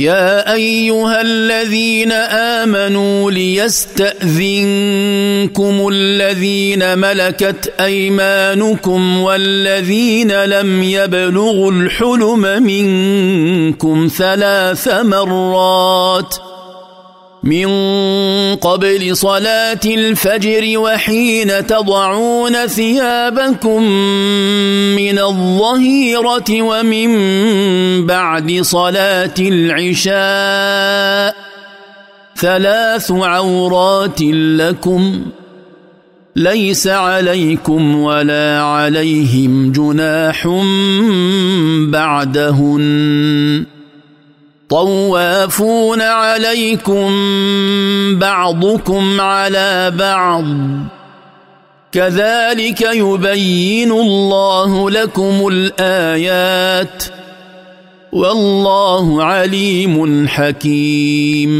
يا ايها الذين امنوا ليستاذنكم الذين ملكت ايمانكم والذين لم يبلغوا الحلم منكم ثلاث مرات من قبل صلاه الفجر وحين تضعون ثيابكم من الظهيرة ومن بعد صلاة العشاء ثلاث عورات لكم ليس عليكم ولا عليهم جناح بعدهن طوافون عليكم بعضكم على بعض كذلك يبين الله لكم الايات والله عليم حكيم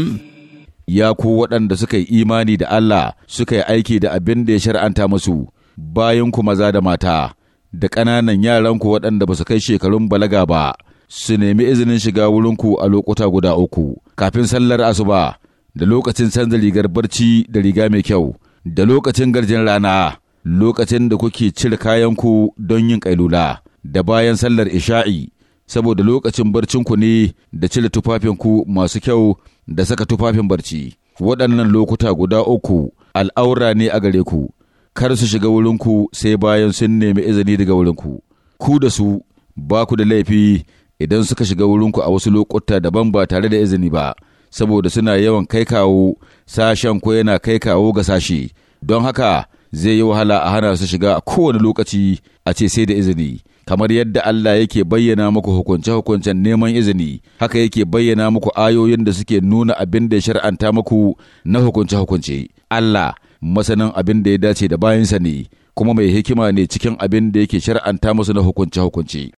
ya ku waɗanda suka yi imani da Allah suka yi aiki da abin da ya shar'anta musu bayan ku maza da mata da ƙananan yaranku waɗanda ba su kai shekarun balaga ba su nemi izinin shiga wurinku a lokuta guda uku kafin sallar asuba da lokacin canza rigar barci da riga mai kyau da lokacin garjin rana lokacin da kuke cire kayanku don yin ƙailula da bayan sallar isha'i saboda lokacin barcinku ne da cire tufafinku masu kyau da saka tufafin barci waɗannan lokuta guda uku al'aura ne a gare ku kar su shiga wurinku sai bayan sun nemi izini daga wurinku ku da su ba ku da laifi idan suka shiga wurinku a wasu lokuta daban ba tare da izini ba saboda suna yawan kai kawo sashen ko yana kai kawo ga sashi don haka zai yi wahala a hana su shiga kowane lokaci a ce sai da izini kamar yadda Allah yake bayyana muku hukunce-hukuncen neman izini haka yake bayyana muku ayoyin da suke nuna abin da ya shar'anta muku na hukunce-hukunce Allah masanin abin da ya dace da bayansa ne kuma mai hikima ne cikin abin da yake shar'anta musu na hukunce-hukunce